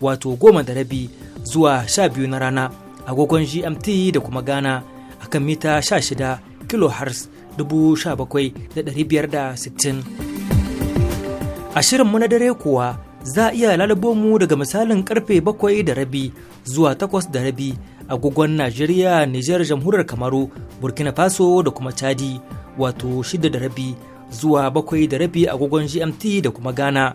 wato goma da rabi zuwa sha biyu na rana agogon gmt da kuma ghana a kan mita sha shida kilohertz dubu sha bakwai da ɗari biyar da sittin a shirinmu na dare kuwa za a iya lalubo mu daga misalin karfe bakwai da rabi zuwa takwas da rabi agogon najeriya nijar jamhuriyar kamaru burkina faso da kuma chadi wato shida da rabi zuwa bakwai da rabi agogon gmt da kuma ghana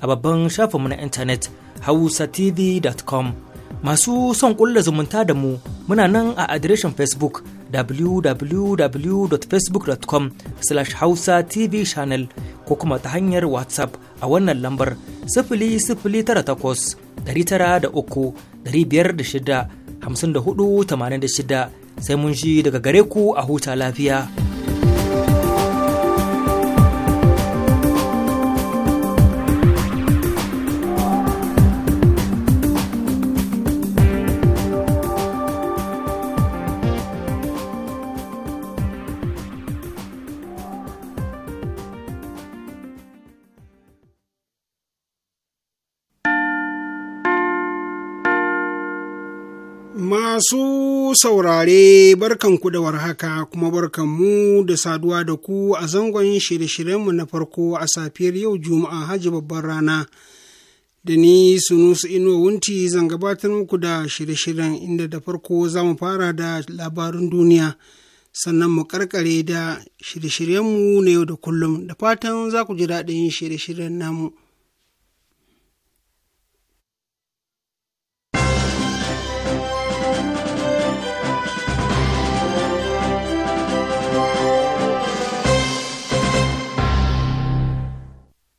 a babban shafinmu na intanet hausatv.com masu son kulla zumunta da mu muna nan a adireshin facebook www.facebook.com slash hausa tv channel ko kuma ta hanyar whatsapp a wannan lambar sifili sifili da tara uku biyar shida hamsin da sai mun ji daga gare ku a huta lafiya. saurare barkanku da warhaka kuma barkanmu da saduwa da ku a zangon shirye-shiryenmu na farko a safiyar yau Juma'a Hajji babban rana. Da ni Sunusu Ino Wunti zan gabatar muku da shirye-shiryen inda da farko za mu fara da labarin duniya sannan mu karkare da shirye-shiryenmu na yau da kullum da fatan za ku ji daɗin shirye-shiryen namu.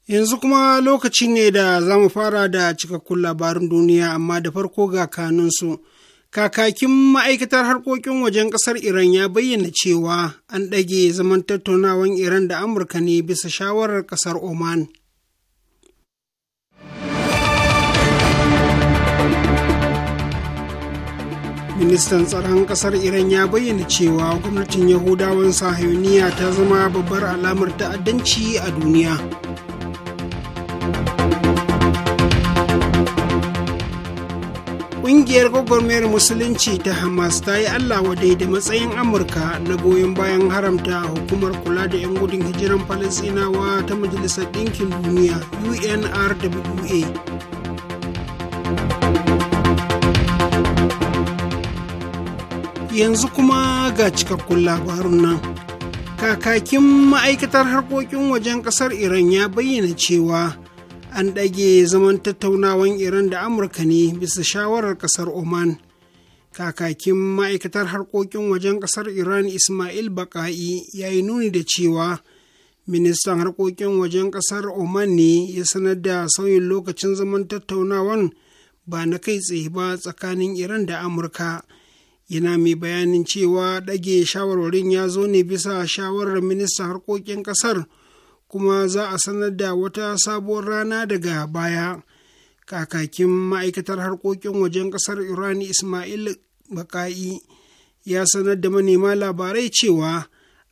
Yanzu kuma lokaci ne da za mu fara da cikakkun labarin duniya amma da farko ga kanunsu. Kakakin ma'aikatar harkokin wajen ƙasar Iran ya bayyana cewa an ɗage zaman tattaunawan Iran da Amurka ne bisa shawarar ƙasar Oman. ministan tsaron kasar iran ya bayyana cewa gwamnatin yahudawan sahuniya ta zama babbar alamar ta'addanci a duniya Ƙungiyar gwagwarmayar Musulunci ta Hamas ta yi Allah wadai da matsayin Amurka na goyon bayan haramta hukumar kula da 'yan gudun hijiran Falasinawa ta Majalisar Ɗinkin Duniya UNRWA. Yanzu kuma ga cikakkun labarun nan. Kakakin ma'aikatar harkokin wajen ƙasar Iran ya bayyana cewa an ɗage zaman tattaunawan iran da amurka ne bisa shawarar ƙasar oman kakakin ma'aikatar harkokin wajen ƙasar iran ismail baka'i ya yi nuni da cewa ministan harkokin wajen ƙasar oman ne ya sanar da sauyin lokacin zaman tattaunawan ba na kai tsaye ba tsakanin iran da amurka yana mai bayanin cewa ɗage shawarwarin ya zo ne bisa shawarar ministan harkokin ƙasar kuma za a sanar da wata sabuwar rana daga baya kakakin ma'aikatar harkokin wajen ƙasar iran ismail baka'i ya sanar da manema labarai cewa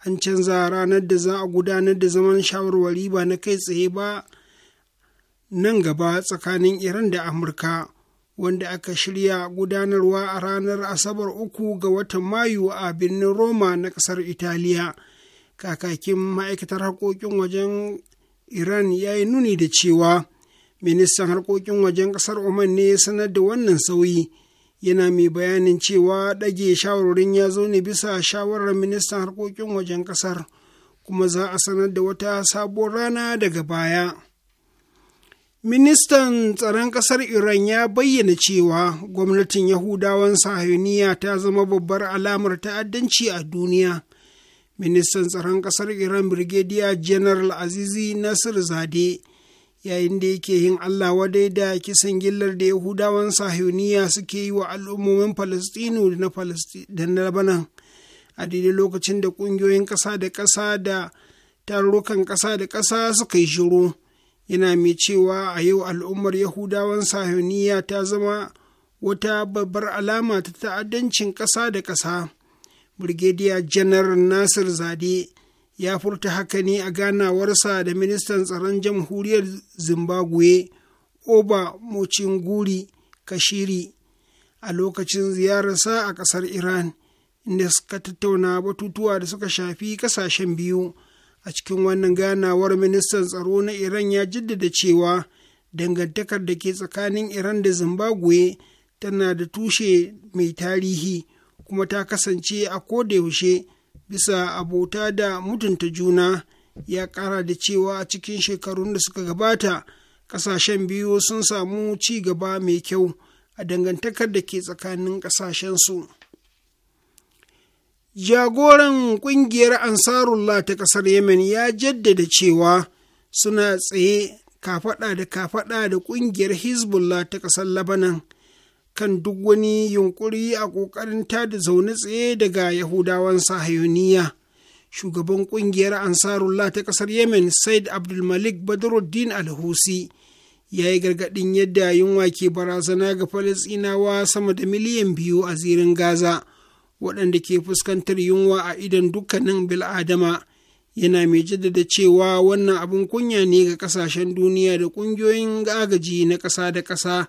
an canza ranar da za a gudanar da zaman shawarwari ba na kai tsaye ba nan gaba tsakanin iran da amurka wanda aka shirya gudanarwa a ranar asabar uku ga watan mayu a birnin roma na ƙasar italiya kakakin ma'aikatar harkokin wajen iran ya yi nuni da cewa ministan harkokin wajen ƙasar oman ne ya sanar da wannan sauyi yana mai bayanin cewa ɗage shawarorin ya zo ne bisa shawarar ministan harkokin wajen ƙasar kuma za a sanar da wata sabuwar rana daga baya ministan tsaron ƙasar iran ya bayyana cewa gwamnatin yahudawan sahiyoniya ta zama babbar alamar ta'addanci a duniya ministan tsaron ƙasar iran brigadier general azizi nasir zade yayin da yake yin allah wadai da kisan gillar da yahudawan sahiyoniya suke yi wa al'ummomin falastinu da na labanan a daidai lokacin da ƙungiyoyin ƙasa da ƙasa da tarurrukan ƙasa da ƙasa suka yi shiru yana mai cewa a yau al'ummar yahudawan sahiyoniya ta zama wata babbar alama ta ta'addancin ƙasa da ƙasa Brigadier Janar Nasir Zade ya furta haka ne a ganawarsa da ministan tsaron jamhuriyar Zimbabwe Oba Muchinguri Kashiri a lokacin ziyararsa a ƙasar Iran, inda suka tattauna batutuwa da suka shafi ƙasashen biyu. A cikin wannan ganawar ministan tsaro na Iran ya jaddada cewa dangantakar da ke tsakanin Iran da Zimbabwe tana da tushe mai tarihi. kuma ta kasance a kodayaushe bisa abota da mutunta juna ya ƙara da cewa a cikin shekarun da suka gabata ƙasashen biyu sun samu ci gaba mai kyau a dangantakar da ke tsakanin ƙasashensu jagoran ƙungiyar ansarullah ta ƙasar yemen ya jaddada cewa suna tsaye kafaɗa da kafaɗa da ƙungiyar hezbollah ta ƙasar labanan kan duk wani yunkuri a ƙoƙarin da zaune tsaye daga Yahudawan sahayoniya Shugaban ƙungiyar Ansarullah ta ƙasar Yemen, Said Abdulmalik Badruddin Alhusi, ya yi gargaɗin yadda yunwa ke barazana ga Falasinawa sama da miliyan biyu a zirin Gaza, waɗanda ke fuskantar yunwa a idon dukkanin bil'adama. Yana mai jaddada cewa wannan abin kunya ne ga ƙasashen duniya da ƙungiyoyin agaji na ƙasa da ƙasa.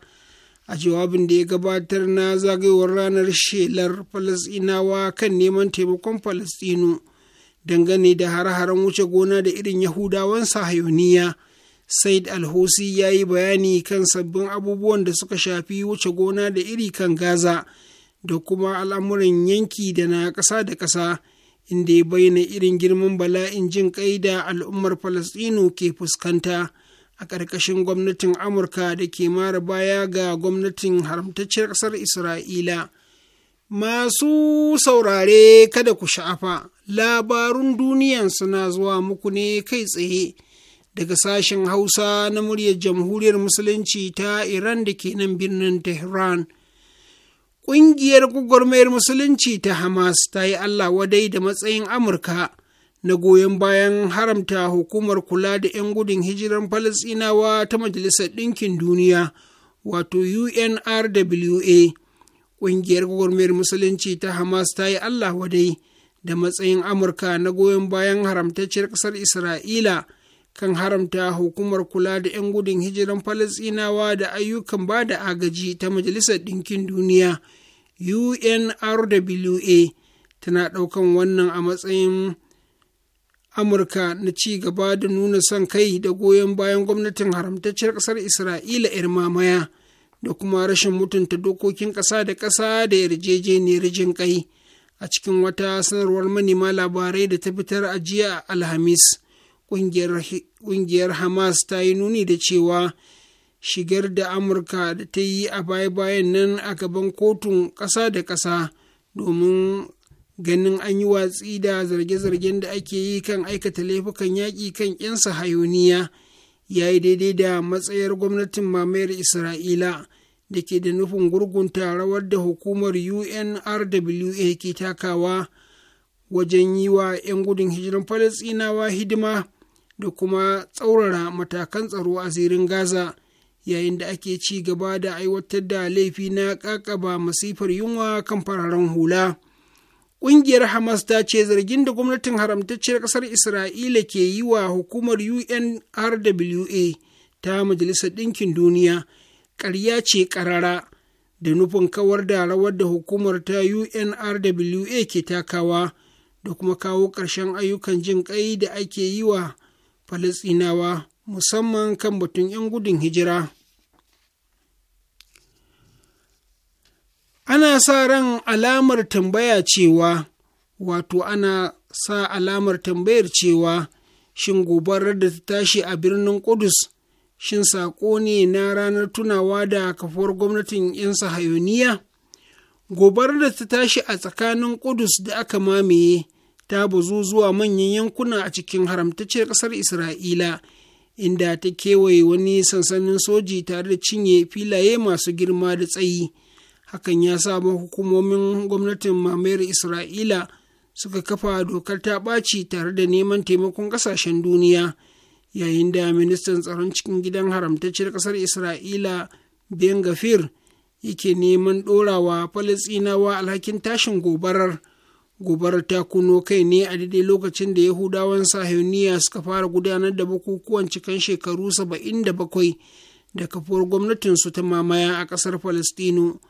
a jawabin da ya gabatar na zagayowar ranar shelar falasinawa kan neman taimakon falasinu dangane da hare-haren wuce gona da irin yahudawan sahayoniya said alhosi ya yi bayani kan sabbin abubuwan da suka shafi wuce gona da iri kan gaza da kuma al'amuran yanki da na ƙasa da ƙasa inda ya bayyana irin girman bala'in jin ƙai da al'ummar falasinu ke fuskanta. a ƙarƙashin gwamnatin amurka da ke mara baya ga gwamnatin haramtacciyar ƙasar isra'ila masu saurare kada ku sha'afa labarun duniyan suna zuwa muku ne kai tsaye daga sashen hausa na muryar jamhuriyar musulunci ta iran da ke nan birnin tehran ƙungiyar gwagwarmayar musulunci ta hamas ta yi allah wadai da matsayin amurka na goyon bayan haramta hukumar kula da 'yan gudun hijiran falasinawa ta majalisar ɗinkin duniya wato unrwa ƙungiyar gwagwarmayar musulunci ta hamas ta yi allah wadai da matsayin amurka na goyon bayan haramtacciyar ƙasar isra'ila kan haramta hukumar kula da 'yan gudun hijiran falasinawa da ayyukan ba da agaji ta majalisar ɗinkin duniya unrwa tana ɗaukan wannan a matsayin Amurka na ci gaba da nuna son kai da goyon bayan gwamnatin haramtacciyar ƙasar Isra'ila 'yar mamaya da kuma rashin mutunta dokokin ƙasa da ƙasa da yarjejeniyar jin kai a cikin wata sanarwar manema labarai da ta fitar a jiya Alhamis. Ƙungiyar Hamas ta yi nuni da cewa shigar da Amurka da ta yi a baya-bayan nan a gaban kotun ƙasa da ƙasa domin ganin an yi watsi da zarge-zargen da ake yi kan aikata laifukan yaƙi kan 'yan sahayoniya ya yi daidai da matsayar gwamnatin mamayar isra'ila da ke da nufin gurgunta rawar da hukumar unrwa ke takawa wajen yi wa 'yan gudun hijiran falasinawa hidima da kuma tsaurara matakan tsaro a zirin gaza yayin da ake ci gaba da aiwatar da laifi na ƙaƙaba masifar yunwa kan fararen hula. Ƙungiyar Hamas ta ce zargin da gwamnatin haramtacciyar ƙasar Isra'ila ke yi wa hukumar UNRWA ta Majalisar Ɗinkin Duniya ƙarya ce ƙarara da nufin kawar da rawar da hukumar ta UNRWA ke takawa da kuma kawo ƙarshen ayyukan jin ƙai da ake yi wa Falasɗinawa musamman kan batun 'yan gudun hijira. ana sa ran alamar tambaya cewa wato ana sa alamar tambayar cewa shin gobarar da ta tashi a birnin Kudus shin saƙo ne na ranar tunawa da kafuwar gwamnatin 'yan sahayoniya? Gobarar da ta tashi a tsakanin Kudus da aka mamaye ta bazu zuwa manyan yankuna a cikin haramtacciyar ƙasar Isra'ila, inda ta kewaye wani sansanin soji tare da cinye filaye masu girma da tsayi. hakan ya samu hukumomin gwamnatin mamayar isra'ila suka kafa dokar ta ɓaci tare da neman taimakon ƙasashen duniya yayin da ministan tsaron cikin gidan haramtacciyar ƙasar isra'ila ben gafir yake neman ɗorawa falasinawa alhakin tashin gobarar gobarar ta kuno kai ne a daidai lokacin da yahudawan sahiyoniya suka fara gudanar da bukukuwan cikin shekaru saba'in da bakwai da kafuwar gwamnatinsu ta mamaya a ƙasar falastino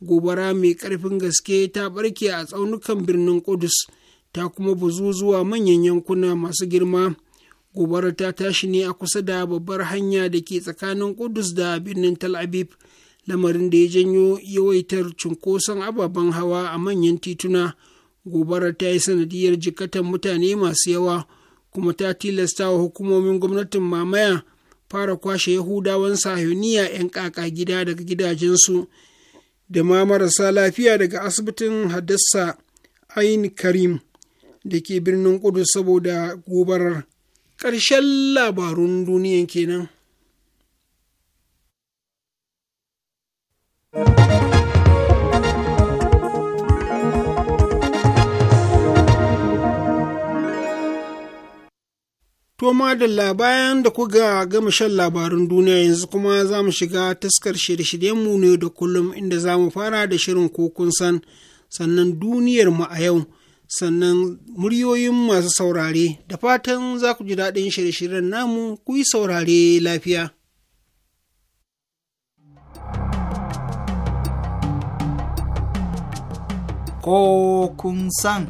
gobara mai ƙarfin gaske ta ɓarke a tsaunukan birnin Kudus ta kuma buzu zuwa manyan yankuna masu girma. gobara ta tashi ne a kusa da babbar hanya da ke tsakanin Kudus da birnin Tel Aviv, lamarin da ya janyo yawaitar cunkoson ababen hawa a manyan tituna. Gobarar ta yi sanadiyar jikatan mutane masu yawa, kuma ta tilasta wa hukumomin gwamnatin mamaya fara kwashe Yahudawan Sahuniya 'yan ƙaƙa gida daga gidajensu. da ma marasa lafiya daga asibitin Hadassa Ain Karim da ke birnin Kudus saboda gobarar. Ƙarshen labarun duniyan kenan. To madalla bayan da kuka gama shan labarun duniya yanzu kuma za mu shiga taskar shirye-shiryenmu ne da kullum inda za mu fara da shirin kokun san sannan duniyar mu a yau sannan muryoyin masu saurare da fatan za ku ji daɗin shirye-shiryen namu ku yi saurare lafiya. Kokun san.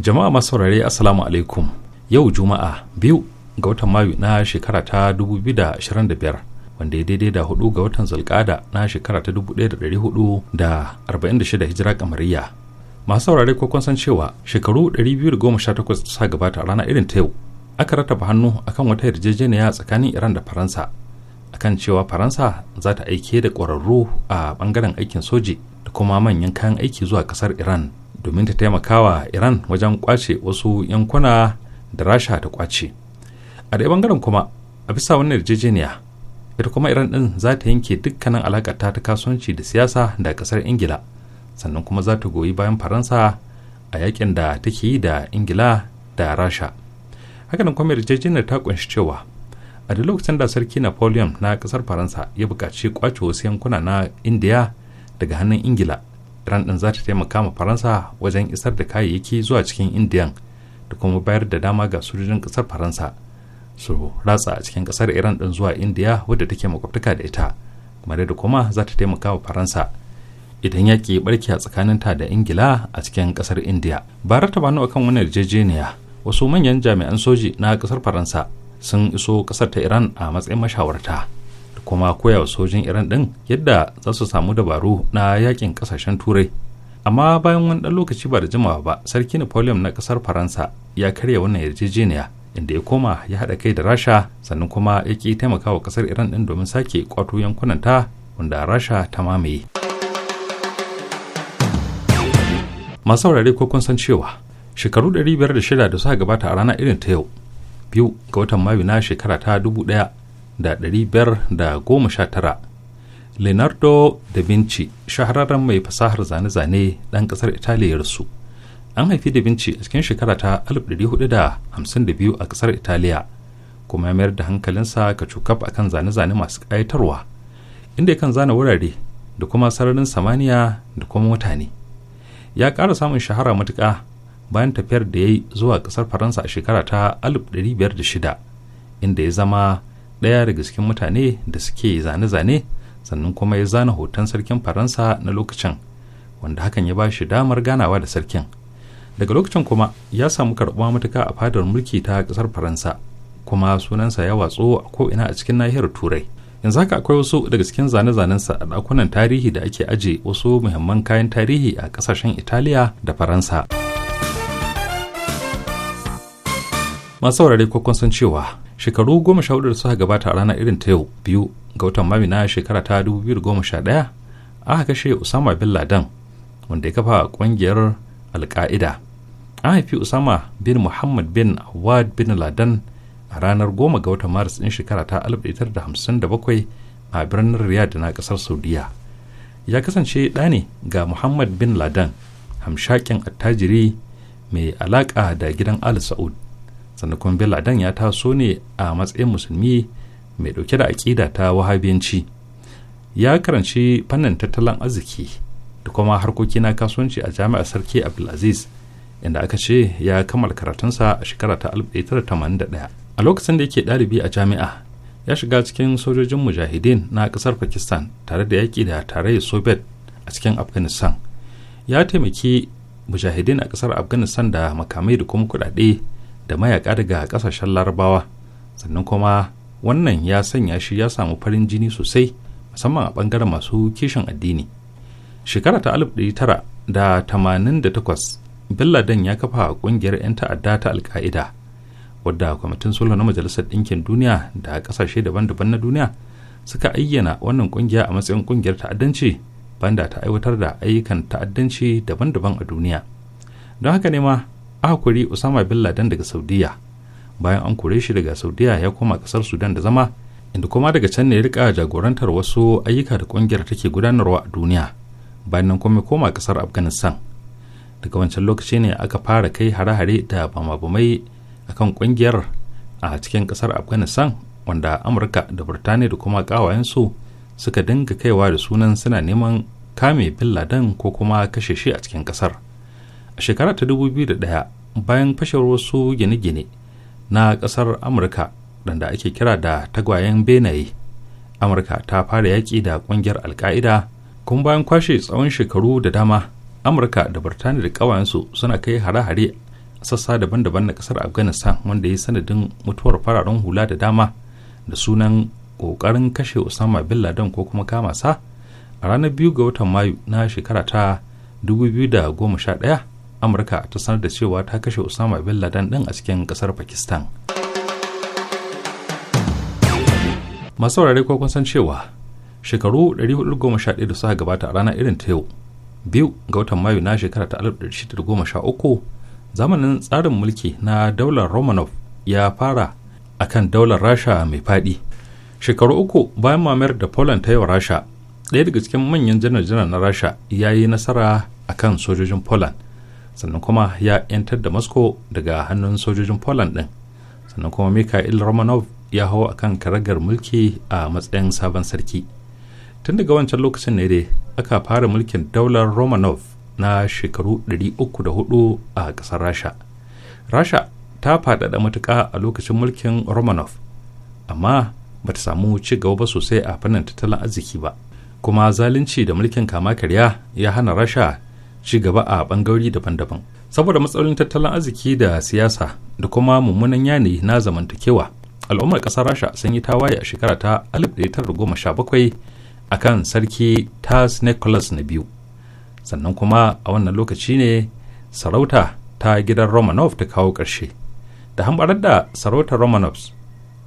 Jama'a masu saurare Assalamu alaikum. yau juma'a biyu ga watan mayu na shekara ta 2025 wanda ya daidai da hudu ga watan zulkada na shekara ta 1446 hijira kamariya masu saurare ko kun san cewa shekaru 218 sa gabata a rana irin ta yau aka rataba hannu akan wata yarjejeniya tsakanin iran da faransa akan cewa faransa za ta aike da kwararru a bangaren aikin soji da kuma manyan kayan aiki zuwa kasar iran domin ta taimakawa iran wajen kwace wasu yankuna da rasha ta kwace a da bangaren kuma a bisa wannan yarjejeniya ita kuma iran din za ta yanke dukkanin alakata ta kasuwanci da siyasa da kasar ingila sannan kuma za ta goyi bayan faransa a yakin da take yi da ingila da rasha haka hakanan kuma yarjejeniyar ta kunshi cewa a duk lokacin da sarki napoleon na kasar faransa ya buƙaci kwace wasu yankuna na indiya daga hannun ingila iran din za ta taimaka ma faransa wajen isar da kayayyaki zuwa cikin indiyan da kuma bayar da dama ga sojojin kasar faransa su ratsa a cikin kasar iran din zuwa indiya wadda take makwabtaka da ita kamar da kuma za ta taimaka wa faransa idan yaƙi barke a tsakanin ta da ingila a cikin kasar indiya ba ratabanu akan wani yarjejeniya wasu manyan jami'an soji na kasar faransa sun iso kasar ta iran a matsayin mashawarta da kuma koyawa sojin iran din yadda za su samu dabaru na yakin kasashen turai amma bayan wani ɗan lokaci ba da jimawa ba sarki napoleon na ƙasar faransa ya karya wannan yarjejeniya inda ya koma ya haɗa kai da rasha sannan kuma ya ƙi taimakawa ƙasar iran ɗin domin sake kwato yankunan ta wanda rasha ta mamaye masu saurare ko kun san cewa shekaru 506 da shida suka gabata a rana irin ta yau biyu ga watan mayu na shekara ta 1519 leonardo da vinci shahararren mai fasahar zane-zane ɗan ƙasar italiya ya rasu an haifi da vinci a cikin shekara ta 1452 a ƙasar italiya kuma ya mayar da hankalinsa ka cukaf kan zane-zane masu ƙayatarwa inda ya kan zana wurare da kuma sararin samaniya da kuma mutane ya ƙara samun shahara matuƙa bayan tafiyar da ya yi zuwa ƙasar faransa a shekara ta 1506 inda ya zama ɗaya daga cikin mutane da suke zane-zane sannan kuma ya zana hoton sarkin faransa na lokacin wanda hakan ya ba shi damar ganawa da sarkin daga lokacin kuma ya samu karɓuwa matuka a fadar mulki ta ƙasar faransa kuma sunansa ya watso a ko'ina a cikin nahiyar turai yanzu haka akwai wasu daga cikin zane-zanensa a ɗakunan tarihi da ake aje wasu muhimman kayan tarihi a ƙasashen italiya da faransa masu saurare ko kun san cewa shekaru goma sha hudu da suka gabata a ranar irin ta yau biyu ga watan mamina shekara ta daya aka kashe usama bin laden wanda ya kafa kungiyar alka'ida an haifi usama bin muhammad bin awad bin laden a ranar goma ga watan maris din shekara ta 1957 a birnin riyadh na kasar saudiya ya kasance ɗa ne ga muhammad bin ladan hamshakin attajiri mai alaƙa da gidan al saud sannan kuma bin laden ya taso ne a matsayin musulmi mai dauke da aƙida ta wahabiyanci ya karanci fannin tattalin arziki da kuma harkoki na kasuwanci a jami'ar sarki abdulaziz inda aka ce ya kammala karatunsa a shekara ta 1981 a lokacin da yake ɗalibi a jami'a ya shiga cikin sojojin mujahideen na ƙasar pakistan tare da yaƙi da tarayyar soviet a cikin afghanistan ya taimaki mujahideen a ƙasar afghanistan da makamai da kuma kuɗaɗe da mayaka daga ƙasashen larabawa sannan kuma wannan ya sanya shi ya samu farin jini sosai musamman a ɓangaren masu kishin addini shekara ta 1988 bin laden ya kafa ƙungiyar 'yan ta'adda ta alka'ida wadda kwamitin sulhu na majalisar ɗinkin duniya da ƙasashe daban-daban na duniya suka ayyana wannan ƙungiya a matsayin ƙungiyar ta'addanci banda ta aiwatar da ayyukan ta'addanci daban-daban a duniya don haka ne ma aka usama usama bin Laden daga Saudiya bayan an kore shi daga Saudiya ya koma kasar Sudan da zama inda kuma daga can ne ya rika jagorantar wasu ayyuka da kungiyar take gudanarwa a duniya bayan nan kuma koma kasar Afghanistan daga wancan lokaci ne aka fara kai hare-hare da bama-bamai akan kungiyar a cikin kasar Afghanistan wanda Amurka da Burtaniya da kuma kawayensu suka dinga kaiwa da sunan suna neman kame bin laden ko kuma kashe shi a cikin kasar. shekara ta 2001 bayan fashewar wasu gine-gine na ƙasar amurka da ake kira da tagwayen benaye amurka ta fara yaƙi da ƙungiyar alka'ida kuma bayan kwashe tsawon shekaru da dama amurka da birtaniya da ƙawayensu suna kai hare-hare a sassa daban-daban na ƙasar afghanistan wanda ya yi sanadin mutuwar fararen hula da dama da sunan ƙoƙarin kashe osama bin laden ko kuma kama sa a ranar biyu ga watan mayu na shekara ta 2011 amurka ta sanar da cewa ta kashe usama bin laden din a cikin kasar pakistan masu saurare ko san cewa shekaru 411 da suka gabata a rana irin ta yau biyu ga watan mayu na shekara ta 1613 zamanin tsarin mulki na daular romanov ya fara a kan daular rasha mai fadi shekaru uku bayan mamayar da poland ta yi wa rasha ɗaya daga cikin manyan janar-janar na rasha ya yi nasara a kan sojojin poland sannan kuma ya 'yantar da moscow daga hannun sojojin poland din sannan kuma mikhail romanov ya hau a akan karagar mulki a matsayin sabon sarki tun daga wancan lokacin ne dai aka fara mulkin daular romanov na shekaru 304 a ƙasar rasha rasha ta faɗaɗa matuka a lokacin mulkin romanov amma bata samu ci gaba ba sosai a fannin tattalin arziki ba kuma zalunci da mulkin kama karya ya hana rasha ci gaba a bangarori daban-daban saboda matsalolin tattalin arziki da siyasa da kuma mummunan yanayi na zamantakewa al'ummar ƙasar rasha sun yi tawaye a shekara ta 1917 a kan sarki tas nicholas na biyu sannan kuma a wannan lokaci ne sarauta ta gidan romanov ta kawo ƙarshe da hambarar da sarautar romanov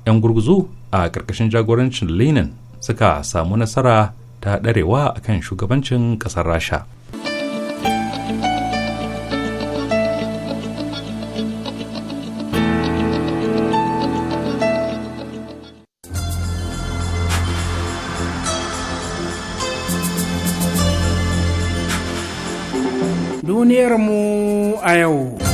'yan gurguzu a ƙarƙashin jagorancin lenin suka samu nasara ta ɗarewa akan shugabancin ƙasar rasha mu a yau.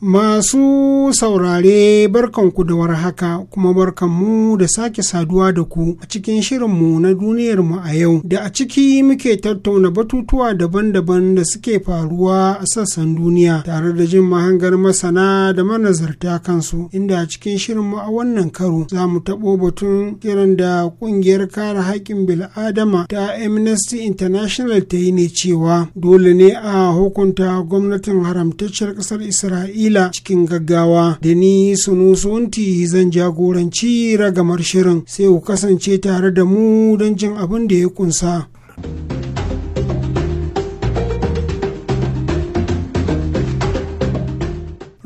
Masu saurare barkanku da warhaka kuma barkanmu da sake saduwa da ku a cikin shirinmu na duniyarmu a yau da a ciki muke tattauna batutuwa daban-daban da suke faruwa a sassan duniya tare da jin mahangar masana da manazarta kansu inda a cikin shirinmu a wannan karo za mu taɓo batun kiran da ƙungiyar kare haƙƙin bil'adama ta Amnesty International ta yi ne cewa dole ne a hukunta gwamnatin haramtacciyar ƙasar Isra'ila kila cikin gaggawa da ni sunusunti zan jagoranci ragamar shirin sai ku kasance tare da mu don jin abin da ya kunsa.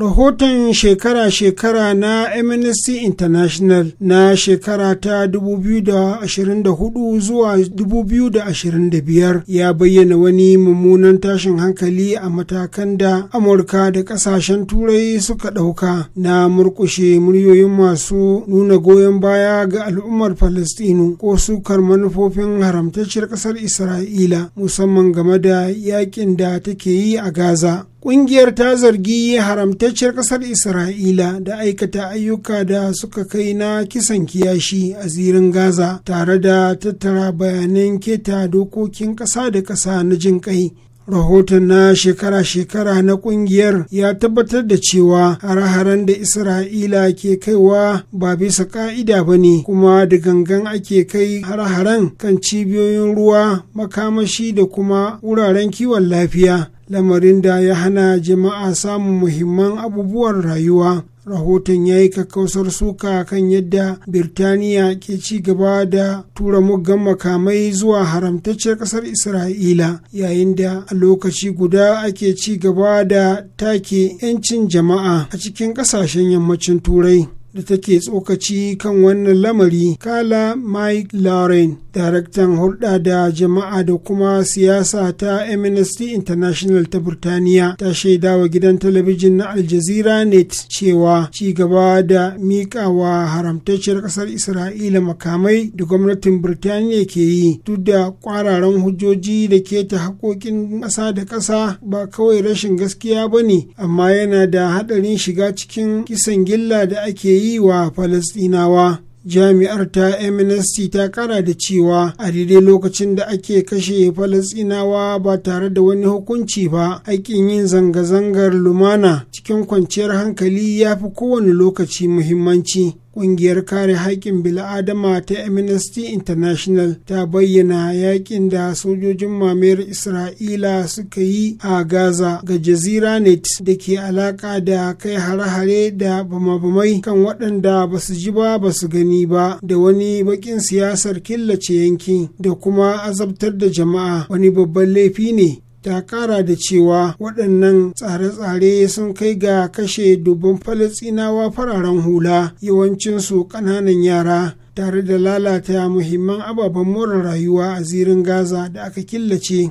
Rahoton shekara-shekara na Amnesty International na shekara ta 2024 zuwa 2025 ya bayyana wani mummunan tashin hankali a matakan da Amurka da kasashen Turai suka ɗauka na murkushe muryoyin masu nuna goyon baya ga al'ummar Falastinu ko sukar manufofin haramtacciyar ƙasar Isra'ila musamman game da yakin da take yi a Gaza. Ƙungiyar ta zargi haramtacciyar ƙasar Isra'ila da aikata ayyuka da suka kai na kisan kiyashi a zirin Gaza tare da tattara bayanan keta dokokin ƙasa da ƙasa na jin ƙai rahoton na shekara-shekara na ƙungiyar ya tabbatar da cewa hare-haren da isra'ila ke kaiwa ba bisa ka'ida ba ne kuma da gangan ake kai hare-haren kan cibiyoyin ruwa makamashi da kuma wuraren kiwon lafiya lamarin da ya hana jama'a samun muhimman abubuwan rayuwa rahoton ya yi kakkausar suka kan yadda birtaniya ke ci gaba da tura muggan makamai zuwa haramtacciyar ƙasar isra'ila yayin da a lokaci guda ake ci gaba da take 'yancin jama'a a cikin ƙasashen yammacin turai da take tsokaci kan wannan lamari kala mike lauren daraktan hulɗa da jama'a da kuma siyasa ta amnesty international ta burtaniya ta shaidawa gidan talabijin na aljazeera net cewa ci gaba da miƙawa haramtacciyar ƙasar isra'ila makamai da gwamnatin burtaniya ke yi duk da kwararan hujjoji da ke ta haƙoƙin ƙasa da ƙasa ba kawai rashin gaskiya ba ne amma yana da haɗarin shiga cikin kisan gilla da ake yi yi wa falasɗinawa jami'ar ta amnesty ta kara da cewa a daidai lokacin da ake kashe Falasɗinawa ba tare da wani hukunci ba aikin yin zanga-zangar lumana cikin kwanciyar hankali ya fi kowane lokaci muhimmanci Ƙungiyar kare haƙƙin bil'adama ta Amnesty International ta bayyana yaƙin da sojojin mamayar Isra'ila suka yi a Gaza ga Jazira Net da ke alaƙa da kai hare-hare da bama-bamai kan waɗanda ba su ji ba ba su gani ba da wani baƙin siyasar killace yanki da kuma azabtar da jama'a wani babban laifi ne ta kara da cewa waɗannan tsare-tsare sun kai ga kashe dubban falasinawa fararen hula yawancinsu ƙananan yara tare da lalata muhimman ababen more rayuwa a zirin gaza da aka killace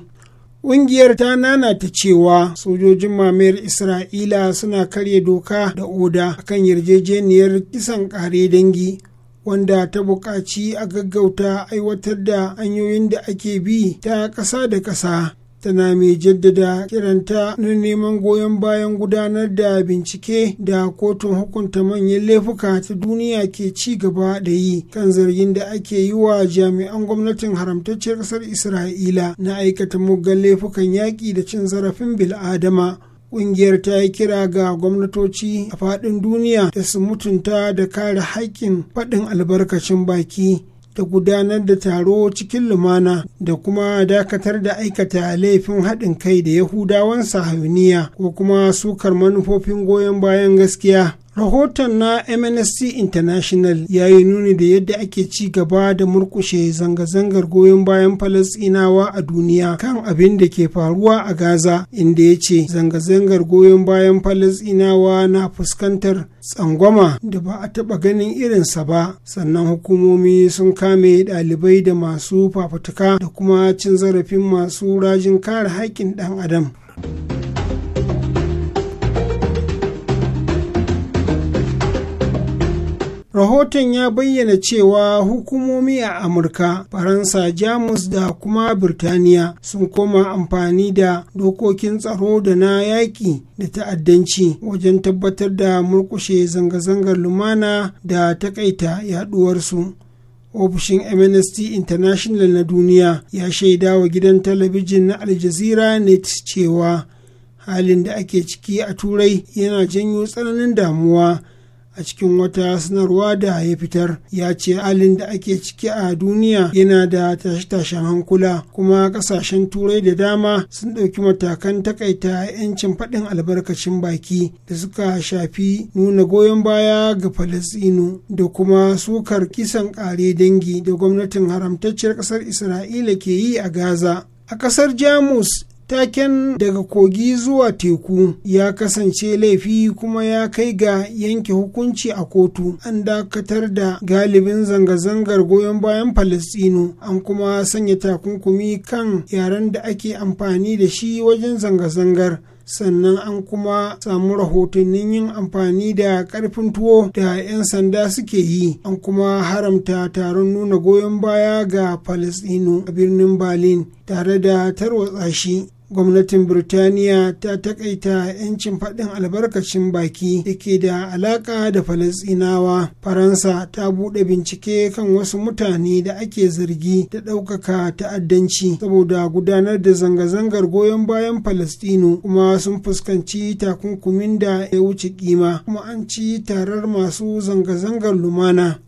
Ƙungiyar ta nanata cewa sojojin mamayar Isra'ila suna karya doka da oda akan yarjejeniyar kisan ƙare dangi wanda ta buƙaci a gaggauta aiwatar da hanyoyin da ake bi ta ƙasa da ƙasa tana mai jaddada kiranta na neman goyon bayan gudanar da bincike da kotun hukunta manyan laifuka ta duniya ke ci gaba da yi kan zargin da ake yi wa jami'an gwamnatin haramtacciyar ƙasar isra'ila na aikata muggan laifukan yaƙi da cin zarafin bil'adama Ƙungiyar ta yi kira ga gwamnatoci a faɗin duniya da su mutunta da kare haƙƙin faɗin albarkacin baki da gudanar da taro cikin lumana da kuma dakatar da aikata laifin haɗin kai da yahudawan sahuniya ko kuma sukar manufofin goyon bayan gaskiya rahoton na mnsc international ya yi nuni da yadda ake ci gaba da murkushe zanga-zangar goyon bayan falasinawa a duniya kan abin da ke faruwa a gaza inda ya ce zanga-zangar goyon bayan falasinawa na fuskantar tsangwama da ba a taɓa ganin irinsa ba sannan hukumomi sun kame ɗalibai da masu fafutuka da kuma cin zarafin masu rajin kare haƙƙin ɗan adam. rahoton ya bayyana cewa hukumomi a amurka faransa jamus da kuma birtaniya sun koma amfani da dokokin tsaro da na yaƙi da ta'addanci wajen tabbatar da murkushe zanga-zangar lumana da takaita yaduwarsu ofishin amnesty international na duniya ya shaida wa gidan talabijin na aljazeera net cewa halin da ake ciki a turai yana janyo tsananin damuwa a cikin wata sanarwa da ya fitar ya ce alin da ake ciki a duniya yana da tashe-tashen hankula kuma kasashen turai da dama sun ɗauki matakan takaita 'yancin faɗin albarkacin baki da suka shafi nuna goyon baya ga falasino da kuma sukar kisan ƙare dangi da gwamnatin haramtacciyar ƙasar isra'ila ke yi a gaza a ƙasar jamus taken daga kogi zuwa teku ya kasance laifi kuma ya kai ga yanke hukunci a kotu an dakatar da galibin zanga-zangar goyon bayan palestino an kuma sanya takunkumi kan yaren da ake amfani da shi wajen zanga-zangar sannan an kuma samu rahotannin yin amfani da karfin tuwo da 'yan sanda suke yi an kuma haramta taron nuna goyon baya ga palestino a birnin berlin tare da tarwatsa shi gwamnatin birtaniya ta takaita 'yancin faɗin albarkacin baki da ke da alaƙa da falasinawa faransa ta buɗe bincike kan wasu mutane da ake zargi da ɗaukaka ta'addanci saboda gudanar da zanga-zangar goyon bayan falasɗinu kuma sun fuskanci takunkumin da ya wuce kima kuma an ci tarar masu zanga-zangar lumana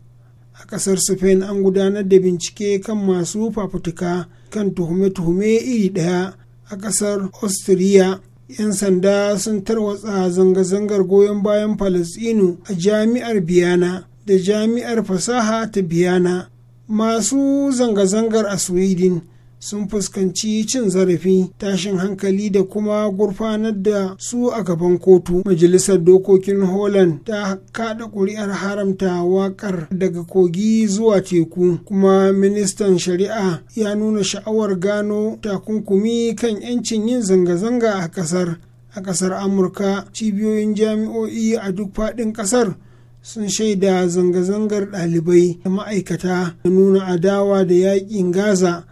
a ƙasar spain an gudanar da bincike kan masu fafutuka kan tuhume-tuhume iri ɗaya a ƙasar austria 'yan sanda sun tarwatsa zanga-zangar goyon bayan Falasɗinu a jami'ar biyana da jami'ar fasaha ta biyana masu zanga-zangar a sweden sun fuskanci cin zarafi tashin hankali da kuma gurfanar da su a gaban kotu majalisar dokokin holland ta kada kuri'ar haramta wakar daga kogi zuwa teku kuma ministan shari'a ya nuna sha'awar gano takunkumi kan 'yancin yin zanga-zanga a kasar a kasar amurka cibiyoyin jami'o'i a duk faɗin kasar sun shaida zanga-zangar ɗalibai da ma'aikata da nuna adawa da yaƙin gaza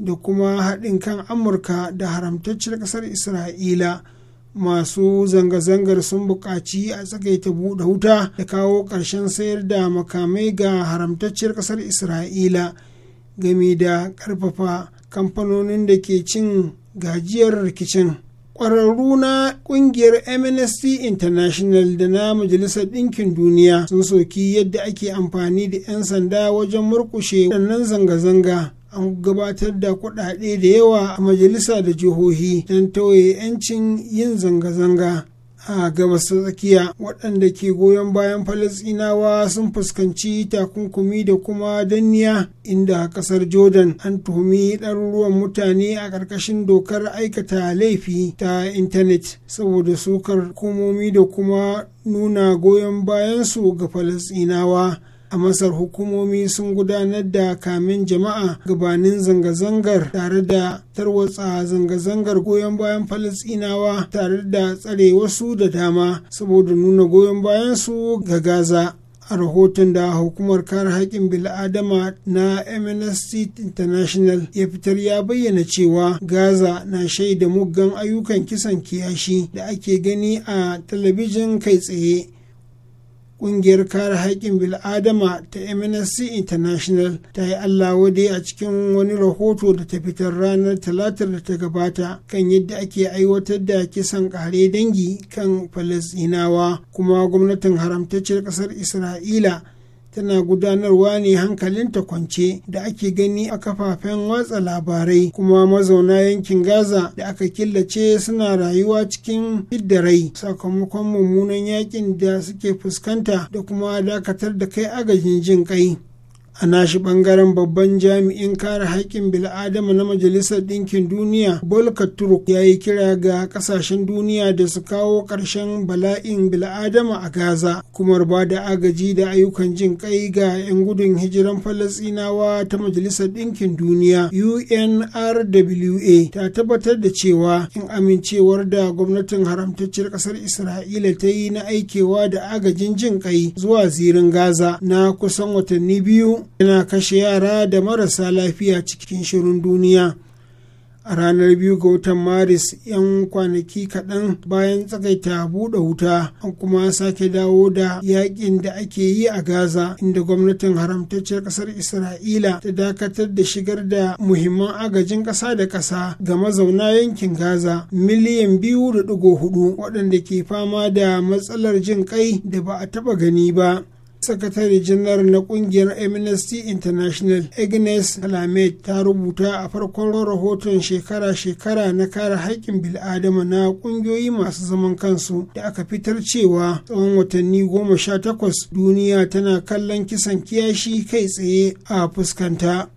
da kuma haɗin kan amurka da haramtacciyar ƙasar isra'ila masu zanga-zangar sun buƙaci a tsakaita buɗe wuta da kawo ƙarshen sayar da makamai ga haramtacciyar ƙasar isra'ila game da ƙarfafa kamfanonin da ke cin gajiyar rikicin ƙwararru na ƙungiyar MNST international da na majalisar ɗinkin duniya sun soki yadda ake amfani da 'yan sanda wajen murƙushe waɗannan zanga-zanga an gabatar da kuɗaɗe da yawa a majalisa da jihohi don tauye 'yancin yin zanga-zanga a gabas ta tsakiya waɗanda ke goyon bayan falasinawa sun fuskanci takunkumi da kuma danniya inda a ƙasar jordan an tuhumi ɗaruruwan mutane a ƙarƙashin dokar aikata laifi ta intanet saboda sukar hukumomi da kuma nuna goyon bayansu ga falasinawa a masar hukumomi sun gudanar da kamin jama'a gabanin zanga-zangar tare da tarwatsa zanga-zangar goyon bayan falasinawa tare da tsare wasu da dama saboda nuna goyon bayan su ga gaza a rahoton da hukumar kare haƙƙin bil'adama na amnesty international ya fitar ya bayyana cewa gaza na shaida muggan ayyukan kisan kiyashi da ake gani a talabijin kai tsaye kungiyar kare haƙƙin bil'adama ta amnesty international ta yi allah wade a cikin wani rahoto da ta fitar ranar talatar da ta gabata kan yadda ake aiwatar da kisan kare dangi kan falasɗinawa kuma gwamnatin haramtaccen ƙasar isra'ila tana gudanarwa ne hankalinta kwance da ake gani a kafafen watsa labarai kuma mazauna yankin gaza da aka killace suna rayuwa cikin rai sakamakon mummunan yakin da suke fuskanta da kuma dakatar da kai agajin jin kai a nashi bangaren babban jami'in kare haƙƙin bil'adama na majalisar ɗinkin duniya bolka turk ya yi kira ga ƙasashen duniya da su kawo ƙarshen bala'in bil'adama a gaza kuma ba da agaji da ayyukan jin kai ga 'yan gudun hijiran falasinawa ta majalisar ɗinkin duniya unrwa ta tabbatar da cewa in amincewar da gwamnatin haramtacciyar ƙasar isra'ila ta yi na aikewa da agajin jin kai zuwa zirin gaza na kusan watanni biyu yana kashe yara da marasa lafiya cikin shirin duniya a ranar biyu ga watan maris 'yan kwanaki kaɗan bayan tsakaita buɗe wuta an kuma sake dawo da yakin da ake yi a gaza inda gwamnatin haramtacciyar ƙasar isra'ila ta dakatar da shigar da muhimman agajin ƙasa da ƙasa ga mazauna yankin gaza miliyan biyu da ɗigo hudu waɗanda ke fama da matsalar jin kai da ba a taɓa gani ba sakatare janar na kungiyar amnesty international agnes alamed ta rubuta a farkon rahoton shekara-shekara na kare haƙƙin bil'adama na ƙungiyoyi masu zaman kansu da aka fitar cewa tsawon watanni goma sha takwas duniya tana kallon kisan kiyashi kai tsaye a fuskanta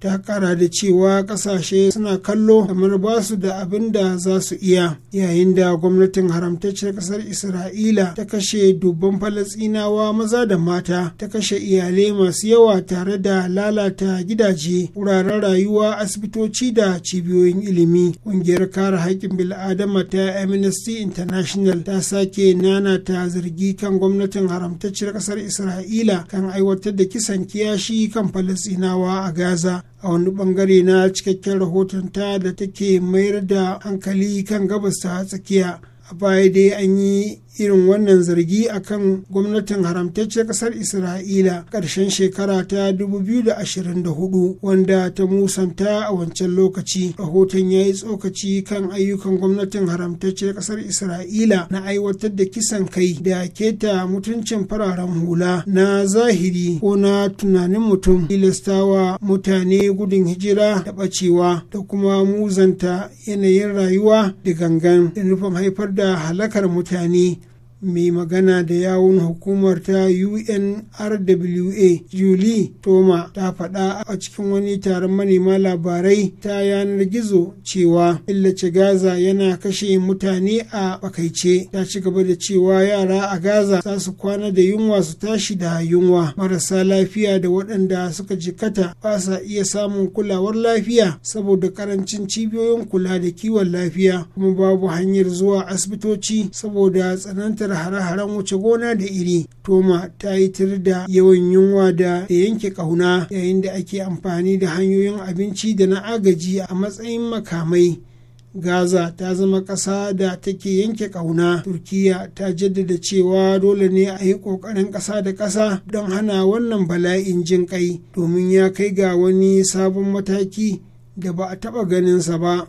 ta kara da cewa kasashe suna kallo kamar ba su da abin da za su iya yayin da gwamnatin haramtacciyar kasar isra'ila ta kashe dubban falasinawa maza da mata ta kashe iyalai masu yawa tare da lalata gidaje wuraren rayuwa asibitoci da cibiyoyin ilimi ƙungiyar kare haƙƙin bil'adama ta amnesty international ta sake nana ta zargi kan gwamnatin haramtacciyar kasar isra'ila kan aiwatar da kisan kiyashi kan falasinawa a gaza a wani bangare na cikakken rahoton ta da take mayar da hankali kan gabas ta tsakiya a baya dai an yi irin wannan zargi akan gwamnatin haramtacciyar ƙasar isra'ila ƙarshen shekara ta 2024 wanda ta musanta a wancan lokaci rahoton ya yi tsokaci kan ayyukan gwamnatin haramtacciyar ƙasar isra'ila na aiwatar da kisan kai da keta mutuncin fararen hula na zahiri ko na tunanin mutum tilastawa mutane gudun hijira da ɓacewa da kuma muzanta yanayin rayuwa da gangan da nufin haifar da halakar mutane mai magana da yawun hukumar ta unrwa julie toma ta faɗa a cikin wani taron manema labarai ta yanar gizo cewa illace gaza yana kashe mutane a bakaice ta ci gaba da cewa yara a gaza za su kwana da yunwa su tashi da yunwa marasa lafiya da waɗanda suka jikata ba sa iya samun kulawar lafiya saboda karancin cibiyoyin kula da kiwon lafiya kuma babu hanyar zuwa asibitoci saboda tsanantar fuskantar hare-haren wuce gona da iri toma ta yi tir da yawan yunwa da yanke ƙauna yayin da ake amfani da hanyoyin abinci da na agaji a matsayin makamai Gaza ta zama ƙasa da take yanke ƙauna. Turkiya ta jaddada cewa dole ne a yi ƙoƙarin ƙasa da ƙasa don hana wannan bala'in jin ƙai domin ya kai ga wani sabon mataki da ba a taɓa ganinsa ba.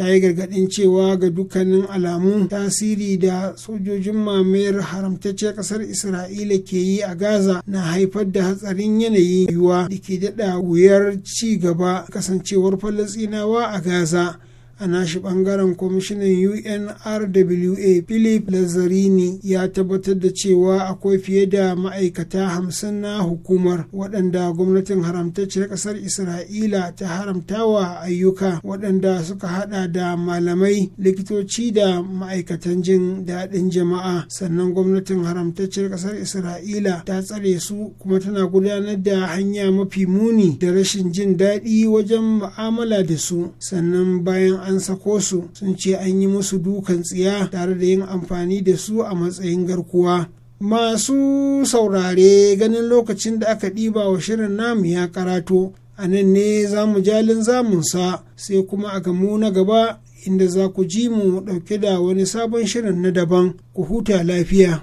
ta yi gargaɗin cewa ga dukkanin alamu tasiri da sojojin mamayar haramtaccen kasar isra'ila ke yi a gaza na haifar da hatsarin yanayi yiwuwa da ke daɗa wuyar ci gaba kasancewar falasinawa a gaza a nashi bangaren kwamishinan unrwa philip lazzarini ya tabbatar da cewa akwai fiye da ma'aikata hamsin na hukumar waɗanda gwamnatin haramtacciyar ƙasar isra'ila ta haramtawa ayyuka waɗanda suka haɗa da malamai likitoci da ma'aikatan jin daɗin jama'a sannan gwamnatin haramtacciyar ƙasar isra'ila ta tsare su kuma tana gudanar da hanya mafi muni da rashin jin daɗi wajen mu'amala da su sannan bayan an sako su sun ce an yi musu dukan tsiya tare da yin amfani da su a matsayin garkuwa masu saurare ganin lokacin da aka ɗiba wa shirin namu ya karato a nan ne za mu jalin zamunsa sai kuma a gamu na gaba inda za ku ji mu ɗauke da wani sabon shirin na daban ku huta lafiya.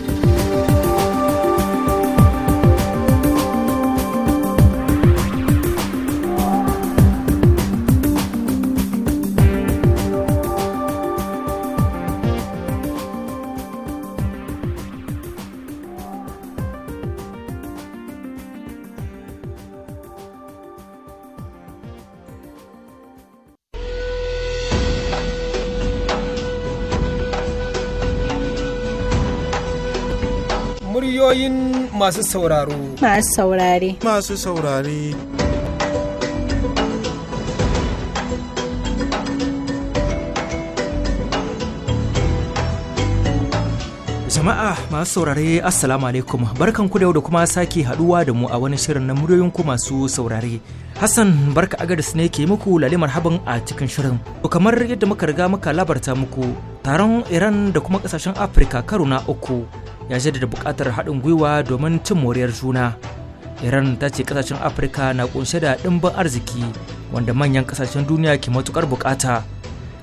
masu sauraro masu saurare masu saurare Jama'a masu saurare Assalamu alaikum barkan ku da yau da kuma sake haduwa da mu a wani shirin na muryoyin ku masu saurare. Hassan barka agadis ne ke muku lalimar haban a cikin shirin. To kamar yadda muka riga muka labarta muku taron Iran da kuma kasashen Afirka karo na uku ya da bukatar haɗin gwiwa domin cin moriyar juna iran ta ce kasashen afirka na kunshe da ɗimbin arziki wanda manyan kasashen duniya ke matukar bukata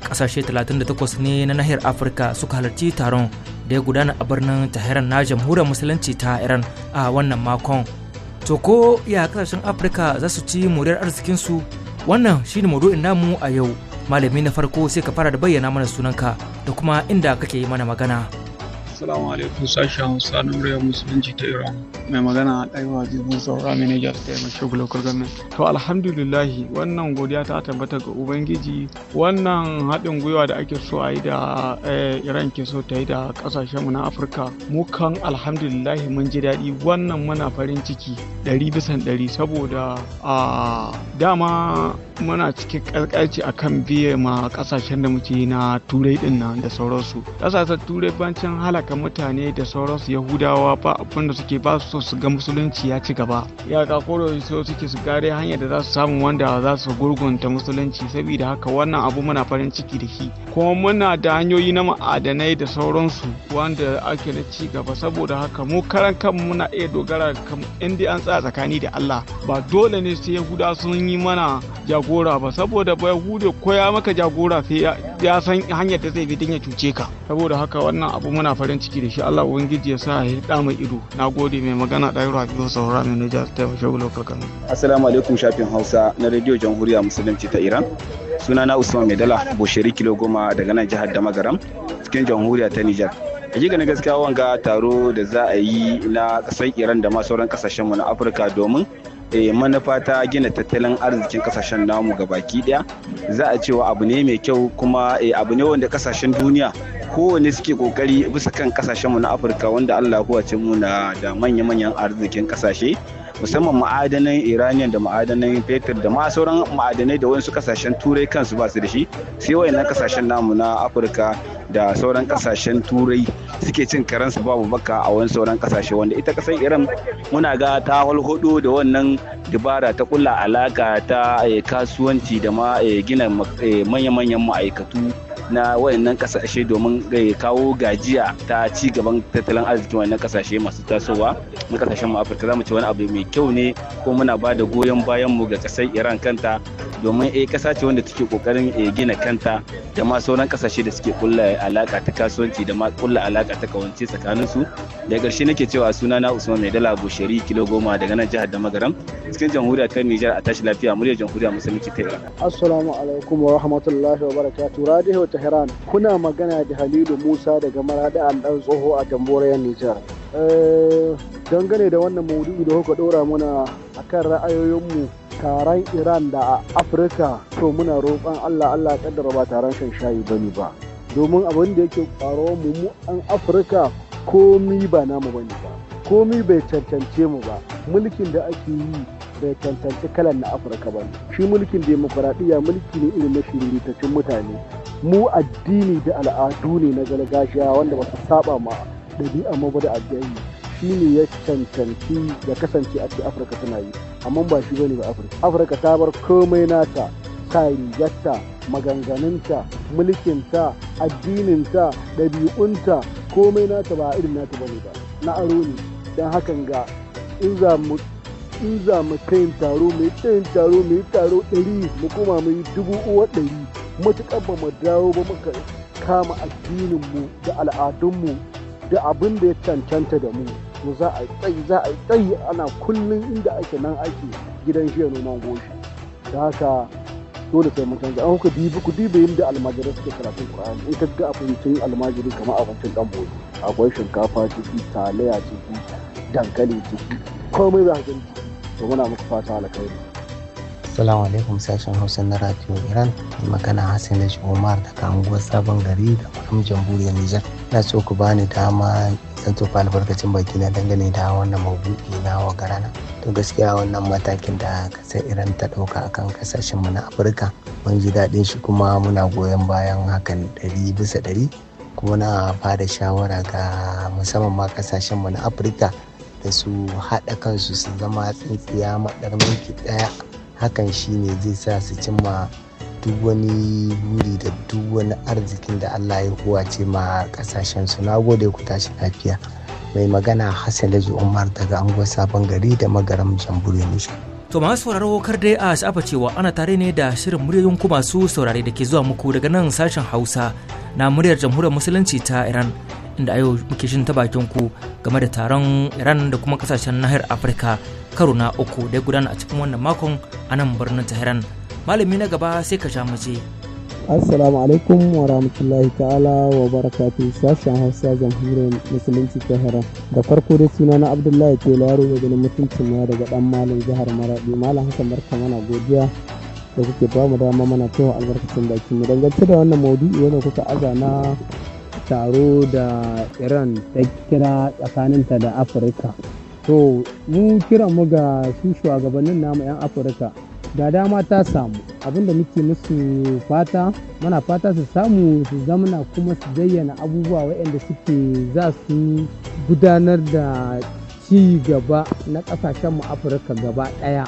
kasashe 38 ne na nahiyar afirka suka halarci taron da ya gudana a birnin tahiran na jamhuriyar musulunci ta iran a wannan makon to ko ya kasashen afirka za su ci moriyar arzikinsu wannan shi ne maudu'in namu a yau malami na farko sai ka fara da bayyana mana sunanka da kuma inda kake yi mana magana. Assalamu alaikum sashen Hausa na muryar Musulunci ta Iran. Mai magana a ɗaiwa jirgin saura manajar ta yi mashi government. To alhamdulillahi wannan godiya ta tabbata ga Ubangiji wannan haɗin gwiwa da ake so a yi da eh, Iran ke so ta yi da ƙasashen mu na Afirka. Mu kan alhamdulillahi mun ji daɗi wannan muna farin ciki ɗari bisan ɗari saboda a ah, dama muna cikin karkaci kan biye ma kasashen da muke na turai din nan da sauransu kasashen turai bancin halaka mutane da sauransu yahudawa ba abin da suke ba su su ga musulunci ya ci gaba ga koro so suke su gare hanyar da za su samu wanda za su gurgunta musulunci saboda haka wannan abu muna farin ciki da shi kuma muna da hanyoyi na ma'adanai da sauransu wanda ake na ci gaba saboda haka mu karan kan muna iya dogara kan inda an tsaya tsakani da Allah ba dole ne sai yahudawa sun yi mana jago jagora ba saboda ba hude ko ya maka jagora sai ya san hanyar da zai bi din ya cuce ka saboda haka wannan abu muna farin ciki da shi Allah ubangiji ya sa ya da mai ido nagode mai magana da yaro Habibu Saura mai naja ta Shagulu Kakan Assalamu alaikum shafin Hausa na Radio Jamhuriya Musulunci ta Iran sunana Usman Medala Bosheri kilo goma daga nan jihar Damagaram cikin Jamhuriya ta Niger hakika na gaskiya wanga taro da za a yi na kasar iran da ma sauran kasashenmu na afirka domin Eh, manufa ta gina tattalin arzikin kasashen namu ga baki daya za a cewa abu ne mai kyau kuma eh, abu ne wanda kasashen duniya kowane suke kokari bisa kan kasashen mu na afirka wanda allah ce mu na da manya-manyan arzikin kasashe musamman ma'adanan iranian da ma'adanan fetur da ma sauran ma'adanai da wasu kasashen turai kansu ba su da shi sai wayannan kasashen namu na afirka da sauran kasashen turai suke cin karansu babu baka a wani sauran kasashe wanda ita kasar iran muna ga ta hulhudu da wannan dubara ta kula alaka ta eh, kasuwanci da ma eh, gina eh, manya-manyan ma'aikatu na wayannan kasashe domin kawo gajiya ta ci gaban tattalin arzikin wayannan kasashe masu tasowa na kasashen afirka za mu ci wani abu mai kyau ne ko muna ba da goyon bayan mu ga kasar iran kanta domin eh kasa wanda take kokarin gina kanta da ma sauran kasashe da suke kulla alaka ta kasuwanci da ma kulla alaka ta kawance tsakanin su da karshe nake cewa suna na Usman Mai Dala Bushari kilo goma daga nan jihar magaram cikin jamhuriya ta Nijar a tashi lafiya muryar jamhuriya musulunci ta Iran Assalamu alaikum wa rahmatullahi wa barakatuh Radio Tehran kuna magana da Halilu Musa daga Maradi an dan tsoho a jamhuriyar Nijar eh, dangane da wannan maudu'i da kuka dora muna akan ra'ayoyinmu taron Iran da a Afirka to muna roƙon Allah Allah kaddara ba taron shan shayi bane ba domin abin da yake faruwa mu mu an afirka komi ba namu bane ba komi bai cancance mu ba mulkin da ake yi bai cancanci kalan na afirka ba shi mulkin demokuraɗiyya mulki ne irin na mutane mu addini da al'adu ne na gargajiya wanda ba su saba ma ɗabi'a mu ba da addini shi ne ya cancanci ya kasance a ce afirka tana yi amma ba shi bane ba afirka afirka ta bar komai nata ta yatta maganganunta mulkinta addininta ɗabi'unta komai nata ba irin nata ba ne ba na aro ne don hakan ga in za mu in taro mai yi taro mai taro ɗari mu koma mu yi dubu uwa ɗari matuƙar ba mu dawo ba muka kama addininmu da al'adunmu da abin da ya cancanta da mu mu za a tsayi za a tsayi ana kullum inda ake nan ake gidan shi noman goshi da haka dole sai mun canza an dibi ku dibi yadda almajirai suke karatun qur'ani in kaga abincin almajiri kamar abincin dan bozo akwai shinkafa ciki talaya ciki dankali ciki komai za ka gani to muna muku fata alkhairi Assalamu alaikum sashen Hausa na Radio Iran magana Hassan Laji Umar daga anguwar Sabon Gari da kuma Jamhuriyar Nijar. Na so ku bani dama zan tofa albarkacin baki na dangane da wannan mabuɗi na wa garana. to gaskiya wannan matakin da kasar iran ta ɗauka akan kasashen mu na afirka mun ji daɗin shi kuma muna goyon bayan hakan ɗari bisa ɗari kuma na fada shawara ga musamman ma kasashen mu na afirka da su haɗa kansu su zama tsintsiya maɗar mulki ɗaya hakan shi ne zai sa su cimma duk wani buri da duk wani arzikin da allah ya kowace ma kasashen su na gode ku tashi lafiya mai magana Hassan Laji Umar daga anguwar Sabon Gari da Magaram Jamhuriyar Nijar. To masu sauraro kar dai a sha'afa cewa ana tare ne da shirin muryoyin ku masu saurare da ke zuwa muku daga nan sashen Hausa na muryar Jamhuriyar Musulunci ta Iran inda a yau muke shin ta bakin ku game da taron Iran da kuma kasashen nahiyar Afirka karo na uku da ya gudana a cikin wannan makon a nan birnin Tehran. Malami na gaba sai ka sha mace. assalamu alaikum wa rahmatullahi ta'ala wa barakatu sashen hausa jamhuriyar musulunci ta da farko dai suna na abdullahi ke laro da ganin mutuncin ma daga dan malam jihar maradi malam haka barka mana godiya da kuke ba mu dama mana cewa albarkacin baki mu dangance da wannan maudu'i wanda kuka aza na taro da iran ta kira tsakaninta da afirka to mu kiran mu ga su shugabannin namu 'yan afirka da dama ta samu abinda muke musu fata mana fata su samu su zamana kuma su zayyana abubuwa waɗanda suke za su gudanar da ci gaba na ƙasashenmu afirka gaba ɗaya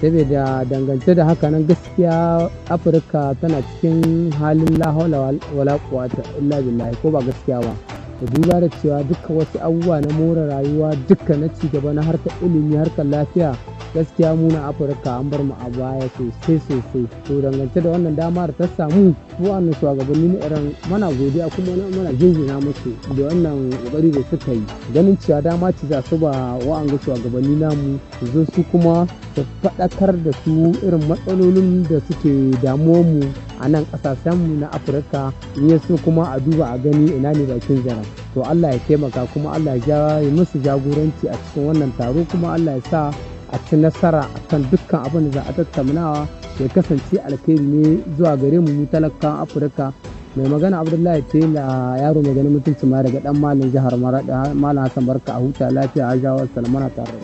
saboda dangance da haka nan gaskiya afirka tana cikin halin lahaula wala ta illa billahi ko ba gaskiya ba da duba da cewa duka wasu abubuwa na more rayuwa duka na cigaba na harkar ilimi harkar lafiya gaskiya mu na afirka an bar mu a baya sosai sosai to dangance da wannan dama da ta samu wa'annan shugabanni na iran mana godiya kuma mana jinjina musu da wannan kokari da suka yi ganin cewa dama ci za su ba wa'anga shugabanni namu zo su kuma su faɗakar da su irin matsalolin da suke damuwar mu a nan mu na afirka in su kuma a duba a gani ina ne bakin zaren to allah ya taimaka kuma allah ya musu jagoranci a cikin wannan taro kuma allah ya sa a ci nasara akan dukkan abin da za a tattaunawa ya kasance alkhairi ne zuwa gare mu mu talakan afirka mai magana abdullahi tela yaro mai ganin mutunci ma daga dan malin jihar marada malam hassan barka a huta lafiya a jawar salmana tare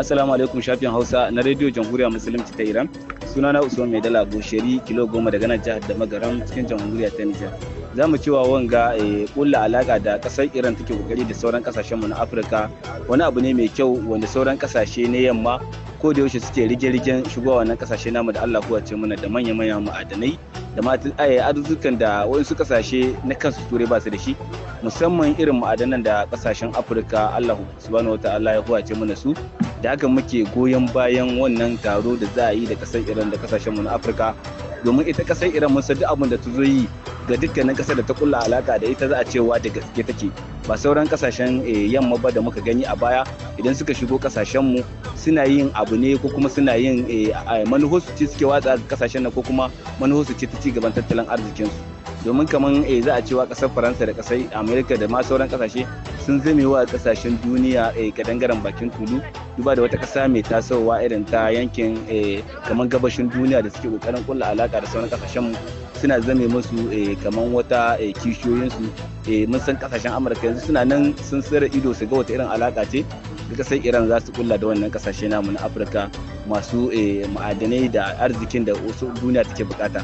assalamu alaikum shafin hausa na rediyo jamhuriyar musulunci ta iran sunana usman mai dala bushari kilo goma daga nan jihar da magaram cikin jamhuriyar ta nijar za mu cewa wanga kulla eh, alaka da kasar iran take kokari da sauran mu na afirka wani abu ne mai kyau wanda sauran kasashe ne yamma ko da yaushe suke rige-rigen shigowa wannan kasashe namu da allah kuwace mana da manya-manya ma'adanai da eh, arzikan da wasu kasashe na kansu turai ba su da shi musamman irin ma'adanan da kasashen afirka allah subhanahu wa ta'ala ya kuwace mana su da haka muke goyon bayan wannan taro da za a yi da kasar iran da kasashen mu na afirka domin ita kasar iran mun sadu abin da ta zo yi ga dukkanin ƙasar da ta kulla alaka da ita za a cewa da gaske take ba sauran kasashen eh, yamma ba da muka gani a baya idan suka shigo kasashenmu suna yin abu ne ko kuma suna yin eh, manuhosu ce suke watsa kasashen na ko kuma manuhosu ce ta ci gaban tattalin arzikinsu domin kamar eh za a cewa kasar faransa da kasar amerika da ma sauran kasashe sun zame wa kasashen duniya a eh, kadangaren bakin kulu duba da wata kasa mai tasowa irin ta yankin eh, kamar gabashin duniya da suke kokarin kulla alaka da sauran kasashen suna zame musu eh, kamar wata kishiyoyinsu mun san kasashen amurka yanzu suna nan sun tsira ido su ga wata irin alaka ce da kasar iran za su kulla da wannan kasashe namu na afirka masu ma'adanai da arzikin da wasu duniya take bukata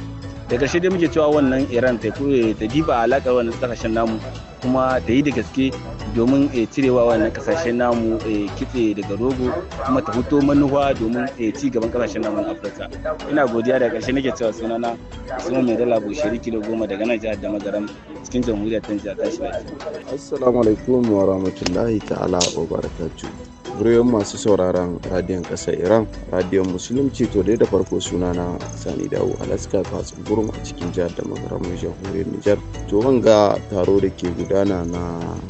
da ƙarshe dai muke cewa wannan iran ta eh, ta diba alaƙa wannan ƙasashen namu kuma ta yi da gaske domin eh, cirewa wannan ƙasashen namu eh, kitse daga rogo kuma ta fito manuwa domin ci gaban ƙasashen namu na afirka ina godiya da ƙarshe nake cewa sunana suna mai dala bushari kilo goma daga nan jihar damagaram cikin jamhuriyar ta jihar tashi assalamu alaikum wa rahmatullahi ta'ala wa barakatuh muryoyin masu sauraron radiyon ƙasar iran radiyon musulunci to dai da farko sunana na sani dawo alaska fatsin gurum a cikin jihar da magaramar jamhuriyar nijar to ga taro da ke gudana na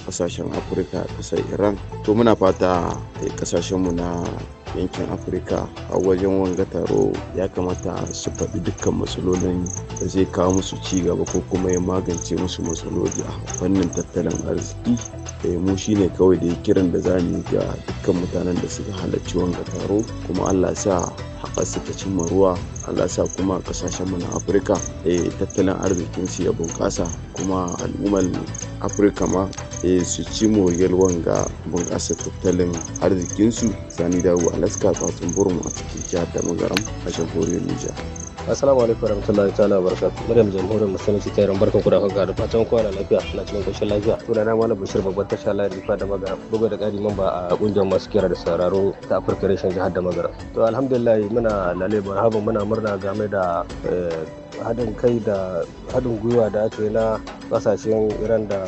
kasashen afirka ƙasar iran to muna fata ƙasashenmu na yankin afirka a wajen wanga taro ya kamata su faɗi dukkan matsalolin da zai kawo musu ci gaba ko kuma ya magance musu matsaloli a fannin tattalin arziki da eh, mu shine kawai da kiran da za mu ga dukkan mutanen da suka halarci wanga taro kuma allah sa haƙa ta cimma ruwa al'asa kuma kasashen mu na Afirka eh, tattalin arzikin su ya bunƙasa kuma al'ummar Afirka ma eh, su ci moriyar ga bunƙasa tattalin arzikinsu su Sani Dawo Alaska tsatsun burin a cikin jihar da magaram a jamhuriyar Nijar. assalamu alaikum warahmatullahi ta'ala barakatuh muryar jamhuriyar musulunci ta yaran barkan ku da haka da fatan kowa da lafiya na cikin koshin lafiya suna na malam bashir babban tasha layin rifa da magara bugu da kari mamba a kungiyar masu kira da sauraro ta afirka reshen jihar da magara to alhamdulillah muna lalai marhaban muna murna game da eh, haɗin kai da haɗin gwiwa da ake na ƙasashen iran da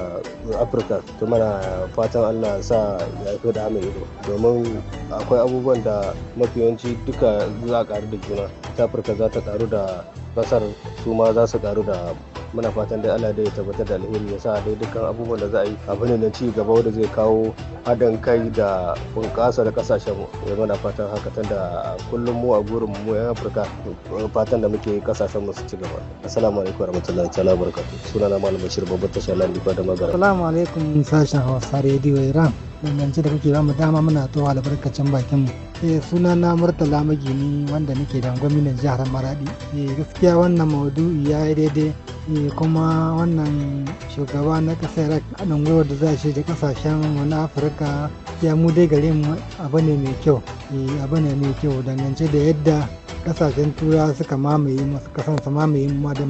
afirka to mana fatan allah sa ya fi da mai ido domin akwai abubuwan da mafi yawanci duka za a ƙaru da juna ta afirka za ta ƙaru da kasar su ma za su karu da muna fatan da Allah dai ya tabbatar da alheri ya sa dai dukkan abubuwan da za a yi abu ne na ci gaba wanda zai kawo haɗin kai da bunƙasa da ƙasashen mu eh, muna fatan haka tun da kullum mu a gurin mu yan Afirka eh, fatan da muke ƙasashen mu su ci gaba assalamu alaikum warahmatullahi ta'ala barakatuh sunana malam Bashir babbar tashar Landi da Magana assalamu alaikum sashen Hausa Radio Iran dangance da kuke bamu dama muna to albarkacin bakin mu eh suna na murtala magini wanda nake da gwamnatin jihar maradi eh gaskiya wannan maudu'i ya yi daidai eh kuma wannan shugaba na kasar nan gwiwa da za shi da kasashen wani afirka ya mu dai gare mu abu ne mai kyau eh abu ne mai kyau dangance da yadda kasashen tura suka mamaye mu suka san su mamaye mu ma da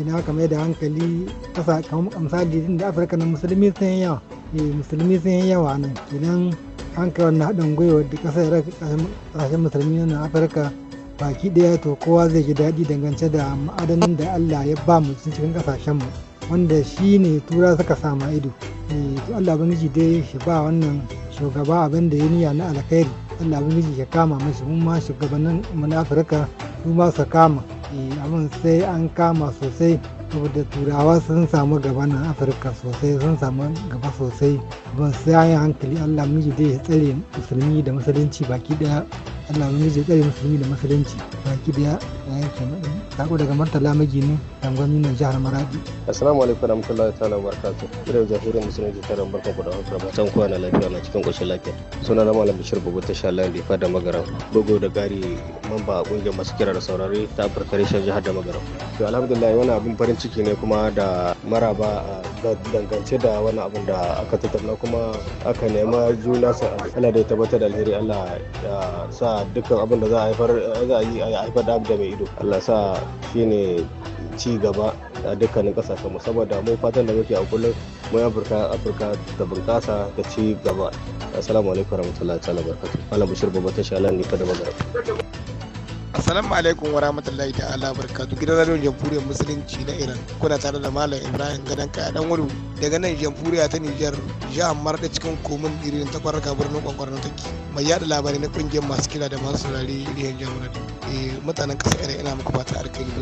Ina aka mai da hankali ƙasa kamar misali da afirka na musulmi sun yi yawa eh, musulmi sun yi yawa nan idan an kai wannan haɗin gwiwa da ƙasar ƙasashen musulmi na afirka baki ɗaya to kowa zai ji daɗi dangance da ma'adanin da allah ya ba mu cikin ƙasashen mu wanda shi ne tura suka sama ido eh, allah ubangiji dai shi ba wannan shugaba abin da ya niya na alkhairi Allah abin ya kama mashi mun ma shugabannin mun Afirka su ma su kama eh, abin sai an kama sosai saboda turawa sun samu gaba na afirka sosai sun samu gaba sosai abin sai hankali allah miji zai ya tsare musulmi da musulunci baki daya allah miji ya tsare musulmi da musulunci baki daya a yankin sako daga Murtala Magini dangwami na jihar Maradi. Assalamu alaikum warahmatullahi ta'ala barakatuh. Kira jahilin musulunci tare barkan ku da hausa ba san kowa na lafiya na cikin koshin lafiya. Suna na Malam Bashir Bugu ta sha lafiya fa da magaran. Bugu da gari mamba a kungiyar masu kira da saurare ta Afirka Reshen jihar da magaran. To alhamdulillah wani abin farin ciki ne kuma da maraba da dangance da wani abin da aka tattauna kuma aka nema juna sa Allah da ya tabbatar da alheri Allah ya sa dukkan abin da za a haifar za a yi a haifar da abin da mai ido. Allah sa shine ci gaba a dukkanin kasashen mu saboda mu fatan da muke a kullum mu afirka afirka da bunƙasa da ci gaba assalamu alaikum warahmatullahi ta'ala barakatuh malam bashir babban tashalan ne Assalamu alaikum wa rahmatullahi ta'ala barkatu gidan radio jamhuriyar musulunci na Iran kuna tare da Malam Ibrahim Gadan Kaya dan wuri daga nan Jamhuriyar ta Niger jihar Marda cikin komun irin ta kwarka birnin na take mai yada labarai na kungiyar masu kira da masu saurari irin jamhuriyar eh mutanen kasar Iran ina muku fata alkhairi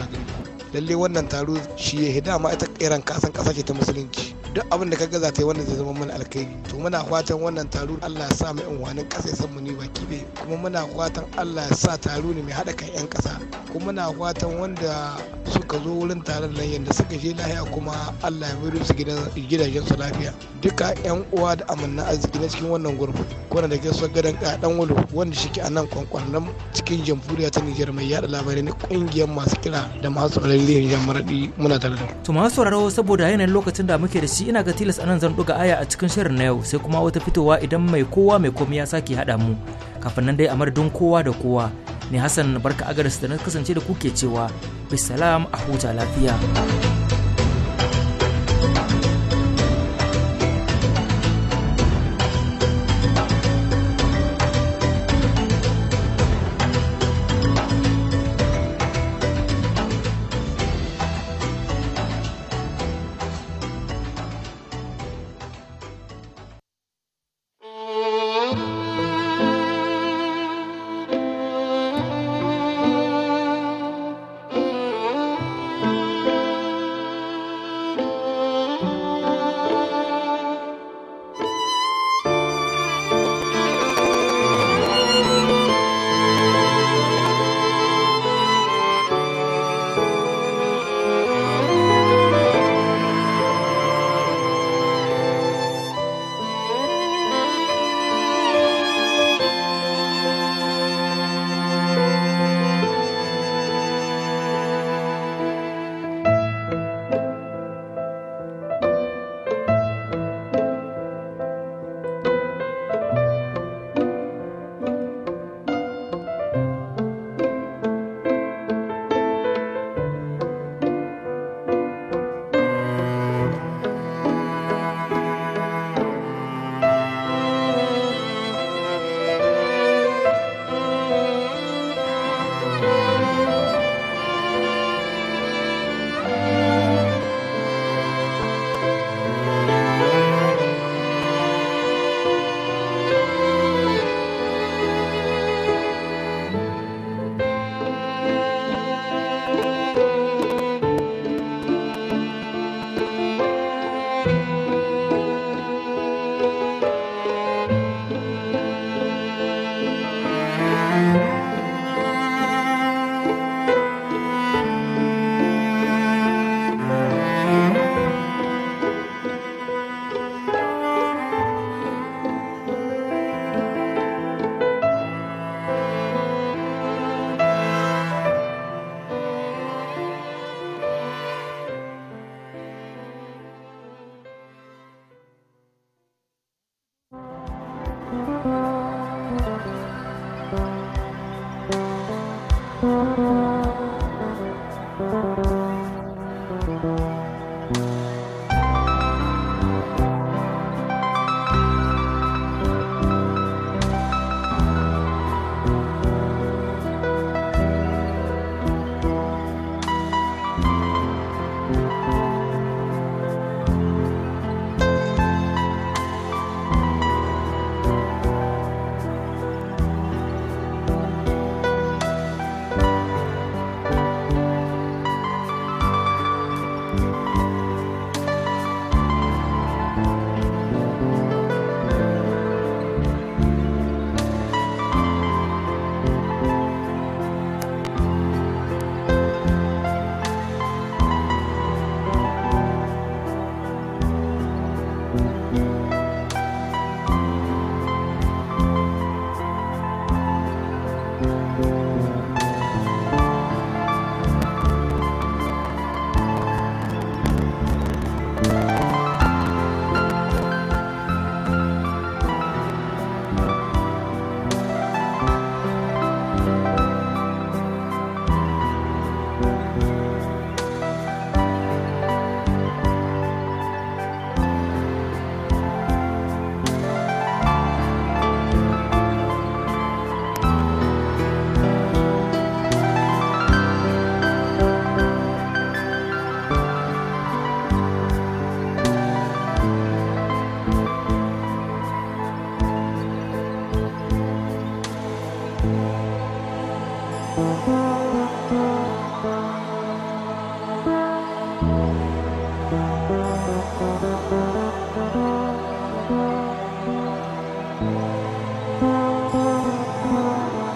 lalle wannan taro shi ya hidama ita Iran kasan kasa ce ta musulunci duk abin da kaga za ta yi wanda zai zama mana alkhairi to muna fatan wannan taro Allah ya sa mai unwanin ƙasa ya san mu ni baki ɗaya kuma muna fatan Allah ya sa taro ne mai haɗa kan 'yan ƙasa kuma muna fatan wanda suka zo wurin taron nan yadda suka je lahiya kuma Allah ya mayar su gidajen su lafiya duka 'yan uwa da amanna arziki na cikin wannan gurbi kuna da gaisuwar gadon dan wulu wanda shi ke a nan nan cikin jamhuriya ta Nijar mai yaɗa labarai na ƙungiyar masu kira da masu tsoron liyan jamaraɗi muna tare da. To masu sauraro saboda yanayin lokacin da muke da shi ina ga tilas anan zan ɗuga aya a cikin shirin na yau sai kuma wata fitowa idan mai kowa mai komai ya sake haɗa mu kafin nan dai a madadin kowa da kowa ne hassan barka agaris da na kasance da kuke cewa bisalam a huta lafiya.